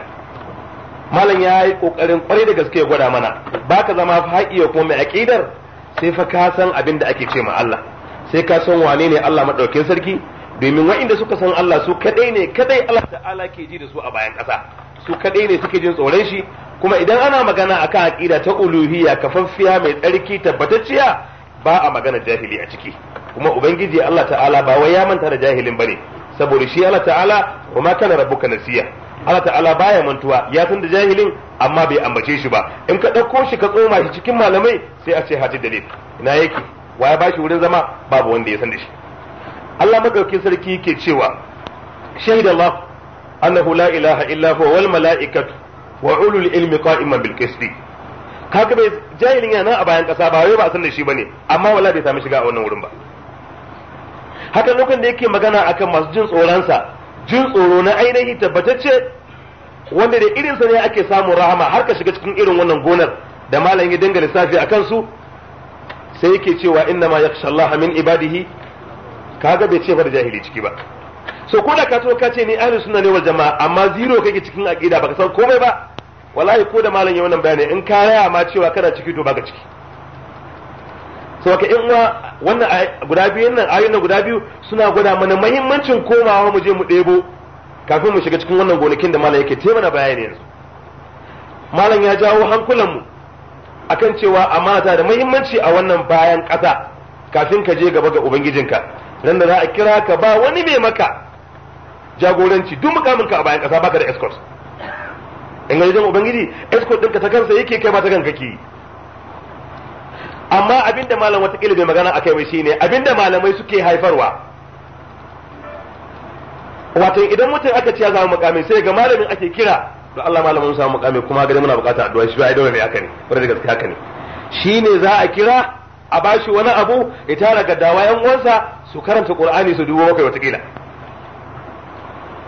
malam ya yi kokarin kwarai da gaske ya gwada mana baka zama ya kuma mai aqidar sai fa ka san abin da ake ce ma Allah sai ka san wane ne Allah madaukakin sarki domin wa'inda suka san Allah su kadai ne kadai Allah ta'ala ke ji da su a bayan ƙasa su kadai ne suke jin tsoron shi kuma idan ana magana akan aqida ta uluhiyya kafaffiya mai tsarki tabbatacciya ba a magana jahili a ciki kuma ubangiji Allah ta'ala ba wai ya manta da jahilin bane saboda shi Allah ta'ala kuma rabu kana rabbuka nasiya Allah ta'ala baya mantuwa ya san da jahilin amma bai ambace shi ba in ka dauko shi ka tsoma shi cikin malamai sai a ce haji dalil ina yake wa ya bashi wurin zama babu wanda ya san da shi Allah madaukakin sarki yake cewa shahida Allah annahu la ilaha illa huwa wal mala'ikatu wa ulul ilmi qa'iman bil qisti kaga bai jahilin yana a bayan kasa ba wai ba san da shi bane amma wala bai sami shiga a wannan wurin ba haka lokacin da yake magana akan masu jin tsoronsa jin tsoro na ainihi tabbatacce wanda da irinsa ne ake samun rahama har ka shiga cikin irin wannan gonar da malam ya dinga lissafi akan su sai yake cewa inna ma yakhsha Allah min ibadihi kaga bai ce bar jahili ciki ba so ko da ka so ka ce ni ahlus sunna ne wal jama'a amma zero kake cikin aqida baka san komai ba wallahi ko da malam ya wannan bayani in ka raya ma cewa kana ciki to baka ciki so ka in wa wannan guda biyu nan ayoyin guda biyu suna gwada mana muhimmancin komawa mu je mu debo kafin mu shiga cikin wannan gonakin da malam yake te mana bayani yanzu malam ya jawo hankulan mu akan cewa amma da muhimmanci a wannan bayan ƙasa kafin ka je gaba ga ubangijinka nan da za a kira ka ba wani mai maka jagoranci duk mukamin ka a bayan ƙasa baka da escort in ga ubangiji escort ɗinka ta kansa yake kai ba ta kanka ke amma abinda malam wata kila bai magana akai mai shine abinda malamai suke haifarwa wato idan mutum aka ce ya zama mukamin sai ga malamin ake kira to Allah malamin samu mukami kuma ga muna bukata addu'a shi ba dole ne haka ne bare da gaskiya haka ne shine za a kira a bashi wani abu ya tara ga dawa yan uwansa su karanta Qur'ani su dubo wata watakila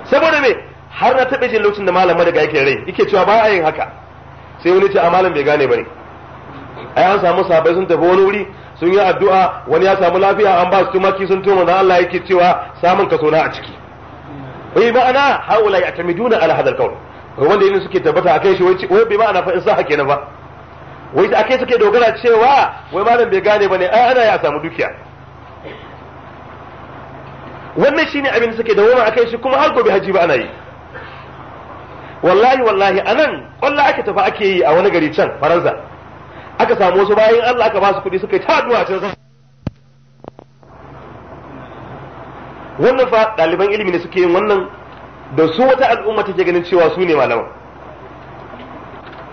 saboda me har na taɓa jin lokacin da malam daga yake rai yake cewa ba a yin haka sai wani ce a malam bai gane bane ai an samu sabai sun tafi wani wuri sun yi addu'a wani ya samu lafiya an ba su tumaki sun tuma na Allah yake cewa samun kaso na a ciki bai ma'ana haula ya tamiduna ala hadal kawai wanda yin suke tabbata kai shi wai bai ma ana fa'in sa kenan ba wai kai suke dogara cewa wai malam bai gane bane ai ana ya samu dukiya wannan shine abin da suke a kai shi kuma har gobe haji ba ana yi wallahi wallahi anan kwallo ake tafi ake yi a wani gari can faransa aka samu wasu bayan Allah aka ba su kuɗi suka yi ta duwa can wannan fa ɗaliban ilimi ne suke yin wannan da su wata al'umma take ganin cewa su ne malaman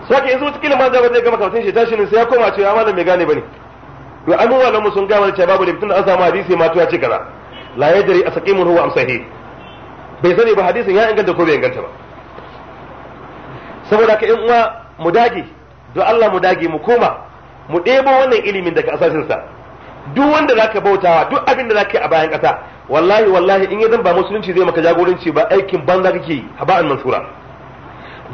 sake yanzu wata kila ma zai gama karatun shi ta shi ne sai ya koma cewa malam mai gane bane to an mu malamu sun gama cewa babu liftun an samu hadisi ma to ya ce kaza la yadri asqimu huwa am sahih bai sani ba hadisin ya inganta ko bai inganta ba saboda ka in uwa mu dage to Allah mu dage mu koma mu ɗebo wannan ilimin daga sa duk wanda zaka bautawa duk abin da zaka yi a bayan ƙasa wallahi wallahi in ya zan ba musulunci zai maka jagoranci ba aikin banza kake yi ba'an mansura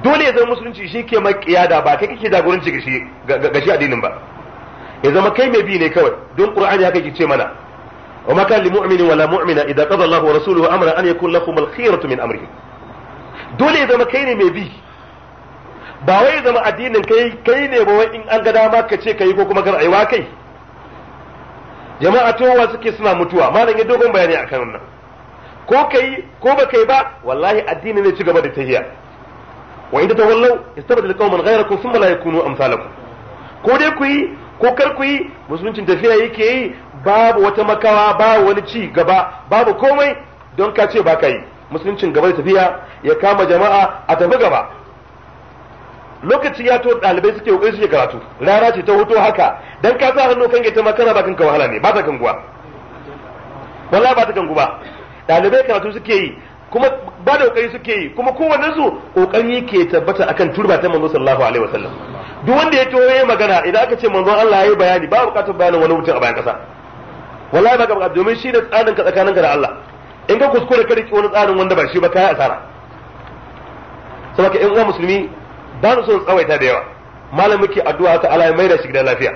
dole ya zama musulunci shi ke makiyada ba kai kake jagoranci ga shi addinin ba ya zama kai mai bi ne kawai don qur'ani haka yake ce mana wa ma kana limu'minin wala mu'mina idza qada Allahu wa rasuluhu amran an yakun lahum al-khiyaratu min amrihim dole ya zama kai ne mai bi ba wai zama addinin kai kai ne ba wai in an ga dama ka ce kai ko kuma kar aiwa kai jama'a towa suke suna mutuwa malam ya dogon bayani akan wannan ko kai ko ba kai ba wallahi addini ne ci gaba da tahiya wa idan tawallaw istabdil qauman ghayrakum thumma la yakunu amsalakum ko dai ku yi ko kar ku yi musuluncin tafiya yake yi babu wata makawa babu wani ci gaba babu komai don ka ce ba ka yi musuluncin gaba da tafiya ya kama jama'a a tafi gaba lokaci ya to dalibai suke kokari suke karatu rana ce ta hoto haka dan ka sa hannu kan gaita ma kana ba kanka wahala ne ba ta kanguwa wallahi ba ta kangu ba dalibai karatu suke yi kuma ba da kokari suke yi kuma kowanne su kokari ke tabbata akan turba ta manzo sallallahu alaihi wasallam duk wanda ya to yayi magana idan aka ce manzon Allah yayi bayani ba bukatar bayanin wani mutum a bayan kasa wallahi ba ga domin shi ne tsarin ka tsakanin ka da Allah in ka kuskure ka riki wani tsarin wanda ba shi ba kai asara saboda in uwa musulmi ba na so tsawaita da yawa malam muke addu'a ta Allah ya maida shi gidan lafiya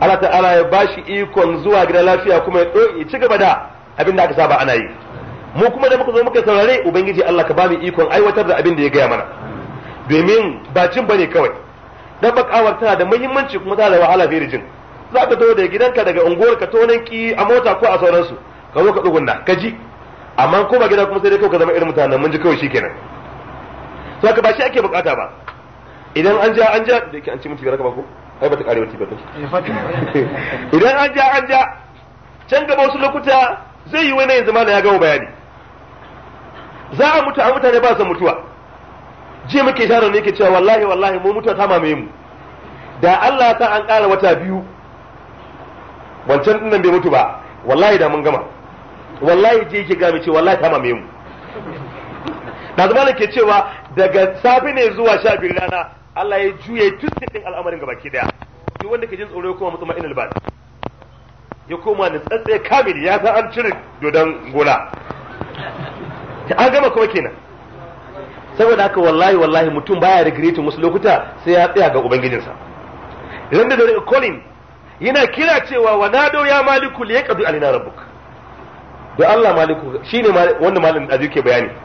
Allah ta'ala ya bashi ikon zuwa gidan lafiya kuma ya ci gaba da abin da aka saba ana yi mu kuma da muka zo muka saurare ubangiji Allah ka bani ikon aiwatar da abin da ya gaya mana domin ba cin bane kawai dan bakawar tana da muhimmanci kuma tana da wahala fi rijin za ka taho da gidanka daga unguwar ka tonan ki a mota ko a sauransu ka zo ka tsugunna ka ji amma ba gida kuma sai dai kawai ka zama irin mutanen mun ji kawai shikenan to ka ba shi ake bukata ba idan an ja an ja da yake an ci miki baraka ko ai bata kare wata barka idan an ja an ja can gaba wasu lokuta zai yi wani yanzu da ya gama bayani za a mutu a mutane ba san mutuwa je muke sharar ne yake cewa wallahi wallahi mu mutuwa ta mamaye mu da Allah ta an kara wata biyu wancan dinnan bai mutu ba wallahi da mun gama wallahi je yake ga ce wallahi ta mamaye mu da zama ke cewa daga safi ne zuwa sha biyu rana Allah ya juye twisted din al'amarin ga baki daya shi wanda ke jin tsoro ya koma mutuma'inul bal ya koma ne tsatsa kamil ya san an cire dodon gola ta an gama kuma kenan saboda haka wallahi wallahi mutum baya regretin wasu lokuta sai ya tsaya ga ubangijinsa idan da daga colin yana kira cewa wa nado ya maliku li alina rabbuk da Allah maliku shine wanda malamin da ke bayani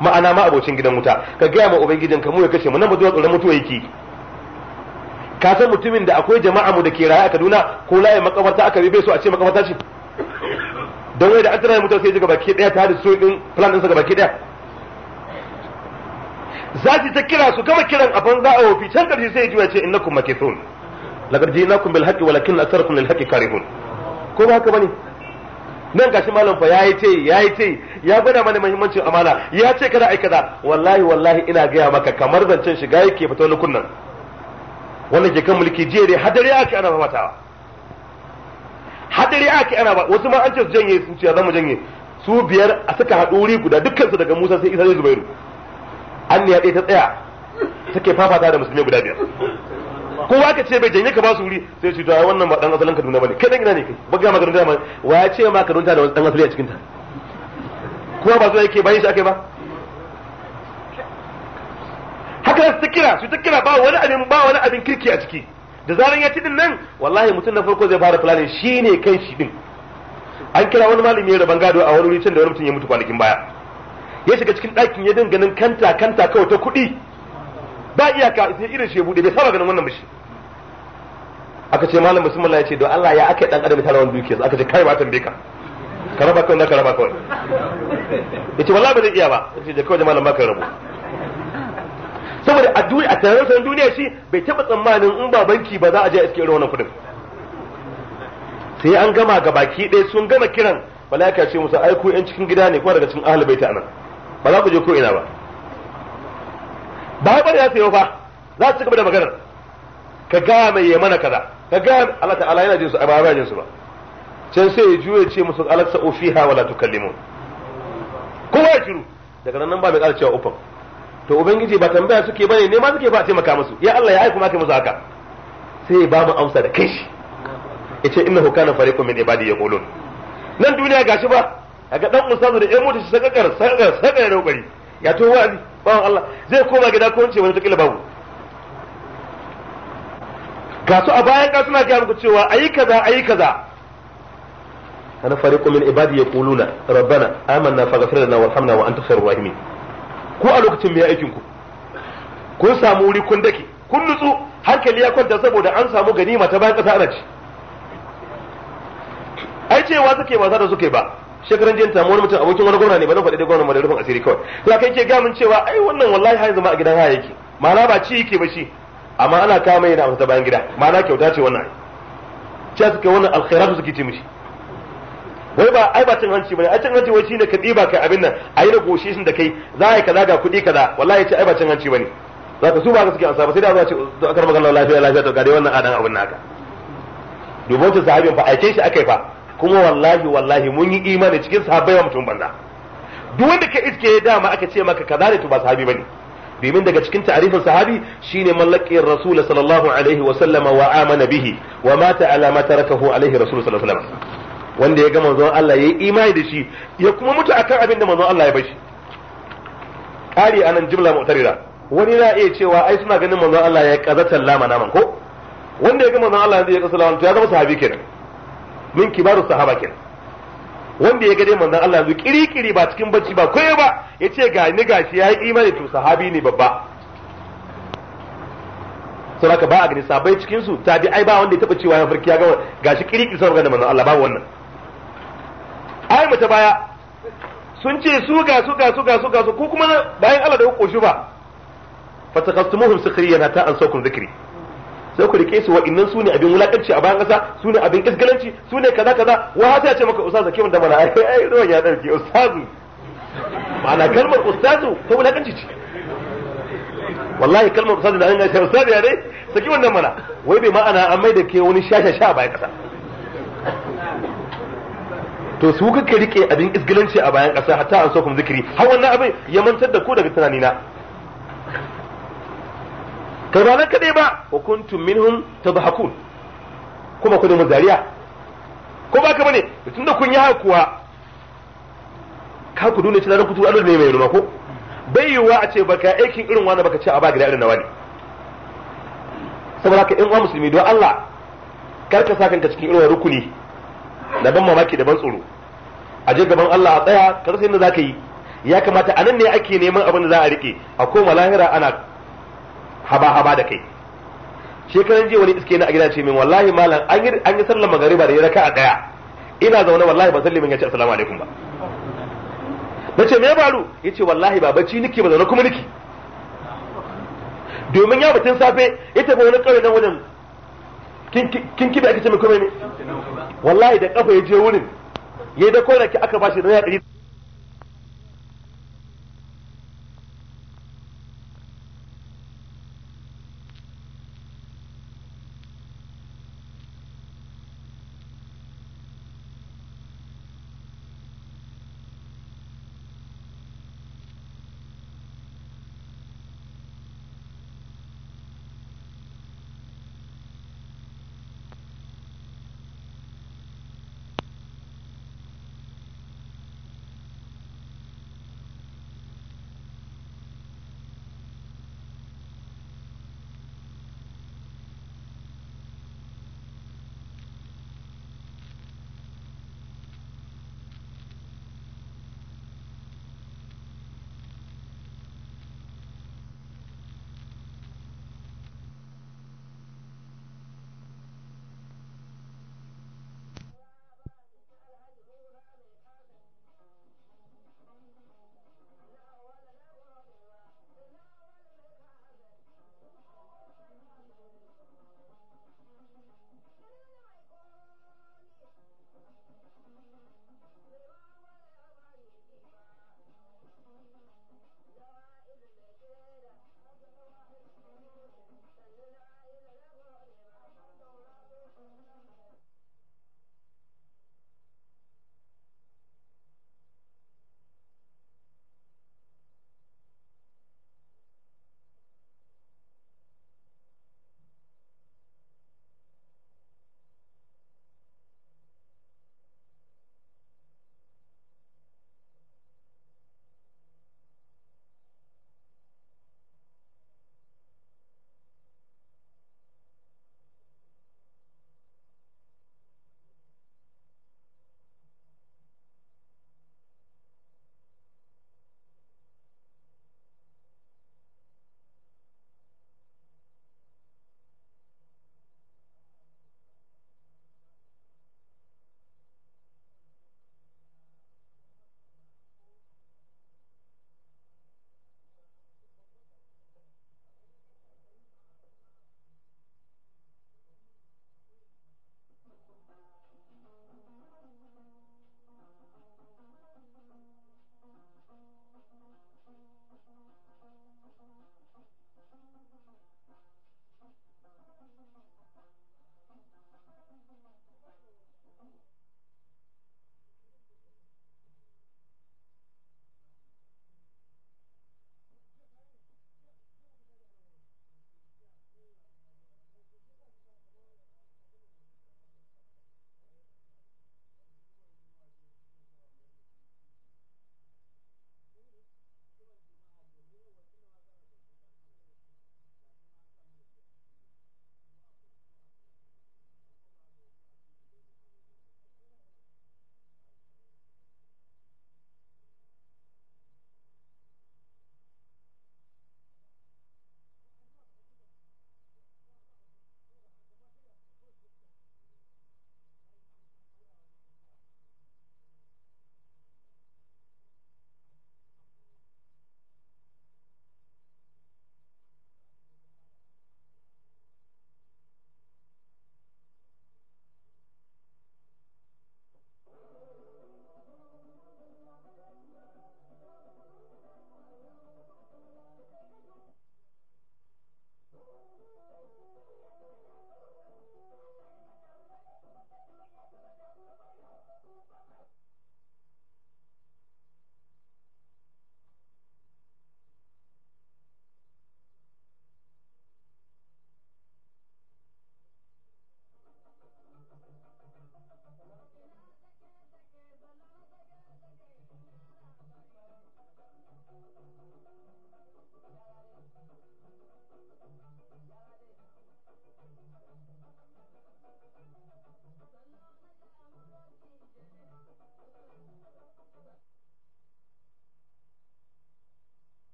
ma'ana ma abocin gidan wuta ka gaya ma ubangijin ka mu ya kashe mu nan ba zuwa tsoron mutuwa yake ka san mutumin da akwai jama'a mu da ke raye a Kaduna ko layin makabarta aka bi bai so a ce makabarta ce don wai da an tsara mutuwa sai ji gabaki daya ta hada so din plan din sa gabaki daya za ta kira su kama kiran a banza a wofi can karshe sai ya ji ya ce innakum makithun laqad jinakum bil haqqi walakin aktharukum lil haqqi karihun ko ba haka bane nan gashi malam fa yayi ce yayi ce ya gwada mana muhimmancin amana ya ce kada ai kaza wallahi wallahi ina gaya maka kamar zancen shiga yake fito na kunnan wannan ke kan mulki jere hadari ake ana matawa hadari ake ana ba wasu ma an ce su janye su ce za mu janye su biyar a suka haɗu wuri guda dukkansu daga Musa sai Isa Zubairu an ne ya ta tsaya take fafata da musulmi guda biyar kowa ka ce bai janye ka ba su wuri sai su to wannan ba dan asalin Kaduna bane kai dan gina ne kai ba ga Kaduna ma wa ya ce ma Kaduna da dan asali a cikin ta kowa ba zai yake bayan shi akai ba haka su kira su ta kira ba wani abin ba wani abin kirki a ciki da zaran ya ci din nan wallahi mutum na farko zai fara planning shine kan shi din an kira wani malami ya raban gado a wani wuri can da wani mutum ya mutu kwanakin baya ya shiga cikin ɗakin ya dinga ganin kanta kanta kawai ta kuɗi ba iyaka sai irin shi bude bai saba ganin wannan bashi aka ce malam bismillah ya ce don Allah ya aka dan adam tara wannan dukiyar aka ce kai ba tambaye ka ka raba kawai ka raba kawai yace wallahi ba zai iya ba yace da kawai malam ba ka rabu saboda a duniya a tarayyar duniya shi bai taba tsammanin in ba banki ba za a je iske irin wannan kudin sai an gama ga baki ɗaya sun gama kiran mala'ika ce musu musa aiko yan cikin gida ne ko daga cikin ahlul baita anan ba za ku je ko ina ba ba ba ya sayo ba za su cigaba da maganar ka ga mai ya mana kaza ka ga Allah ta'ala yana jin su ba ba jin su ba can sai ya juye ce musu alaksa ufiha wala tukallimun kowa ya shiru daga nan ba mai ƙara cewa ufan to ubangiji ba tambaya suke bane ne ma suke ba taimaka musu ya Allah ya aika maka musu haka sai ba mu amsa da kai shi yace innahu kana fariqun min ibadi yaqulun nan duniya gashi ba ga dan musa da ya mutu shi sakakar sakakar sakakar da kokari ya to wa'azi bawan Allah zai koma gida ko ce wani kila babu ga su a bayan ka suna gaya muku cewa ayi kaza ayi kaza ana fariqu min ibadi yaquluna rabbana amanna faghfir lana warhamna wa anta khairur rahimin ko a lokacin me aikin ku kun samu wuri kun dake kun nutsu hankali ya kwanta saboda an samu ganima ta bayan kasa ana ci ai cewa suke ba za da suke ba shekaran jin ta wani mutum abokin wani gwamna ne ba zan faɗi da gwamna da rufin asiri kawai to kai ke gamin cewa ai wannan wallahi har zama a gidan haya yake ma'ana ba ci yake ba shi amma ana kama yana amsa bayan gida ma'ana kyauta ce wannan ai a suka wannan alkhairatu suke ce mishi wai ba ai ba cin hanci bane ai cin hanci wai shine ka ɗiba kai abin nan ayi na goshi shin da kai za a yi kaza ga kuɗi kaza wallahi ce ai ba cin hanci bane za ka su ba ka suke amsa ba sai da za a ce to akar magana lafiya lafiya to ga dai wannan adan abin naka dubon ta sahabin fa aike shi akai fa kuma wallahi wallahi mun yi imani cikin sahabbai ba mutum banza duk wanda ka iske dama aka ce maka kaza ne to ba sahabi bane domin daga cikin ta'arifin sahabi shine mallaki rasul sallallahu alaihi wa sallama wa amana bihi wa mata ala ma tarakahu alaihi rasul sallallahu alaihi wa sallam wanda ya ga manzon Allah ya yi imani da shi ya kuma mutu akan abin da manzon Allah ya bashi kari anan jimla mu'tarira wani na iya cewa ai suna ganin manzon Allah ya kazatan lama naman ko wanda ya ga manzon Allah ya kazatan to ya zama sahabi kenan min kibaru sahaba kin wanda ya gade manzon Allah yanzu kirikiri ba cikin bacci ba koyo ba yace ga ni gashi yayi imani to sahabi ne babba saboda ba a gani sabai cikin su tabi ai ba wanda ya taba cewa ya farki ya ga gashi kirikiri saboda ga manzon Allah ba wannan ai mu ta baya sun ce su ga su ga su ga su ga su ko kuma bayan Allah da ku koshi ba fatakastumuhum sukhriyan hatta ansaukum dhikri sai ku rike su wa'annan su ne abin wulakanci a bayan ƙasa su ne abin kiskalanci su ne kaza kaza wa sai ya ce maka ustaz ke mun da mana <laughs> ai ai ruwan ya dauke ustazu ma'ana kalmar ustazu ta wulakanci ce wallahi kalmar ustazu da an gashi ustazu ya dai saki wannan mana wai bai ma'ana an mai da ke wani shasha sha a bayan ƙasa. to su kuka rike abin isgilanci a bayan ƙasa hatta an so kuma zikiri har wannan abin ya mantar da ku daga tunanina kai ba nan kadai ba wa kuntum minhum tadhakun kuma ku da dariya ko ba ka bane tunda kun yi hakuwa ka ku dole da ku tuwa ne mai ruwa ko bai yiwuwa a ce baka aikin irin wani baka ce a ba gida irin na wani saboda ka in uwa musulmi don Allah kar ka sa kanka cikin irin rukuni da ban mamaki da ban tsoro a je gaban Allah a tsaya ka sai yadda zaka yi ya kamata anan ne ake neman abin da za a rike a koma lahira ana haba haba da kai shekaran jiya wani iske na a gida ce min wallahi malam an yi an yi sallar magariba da ya raka a daya ina zaune wallahi ban sallimin ya ce assalamu alaikum ba nace me ya faru yace wallahi ba bacci nake ba zaune kuma nake domin ya batun safe ya tafi wani kauye nan wajen kin kibe ake ce mai kome ne wallahi da kafa ya je wurin ya da kawai da aka bashi na ya ɗari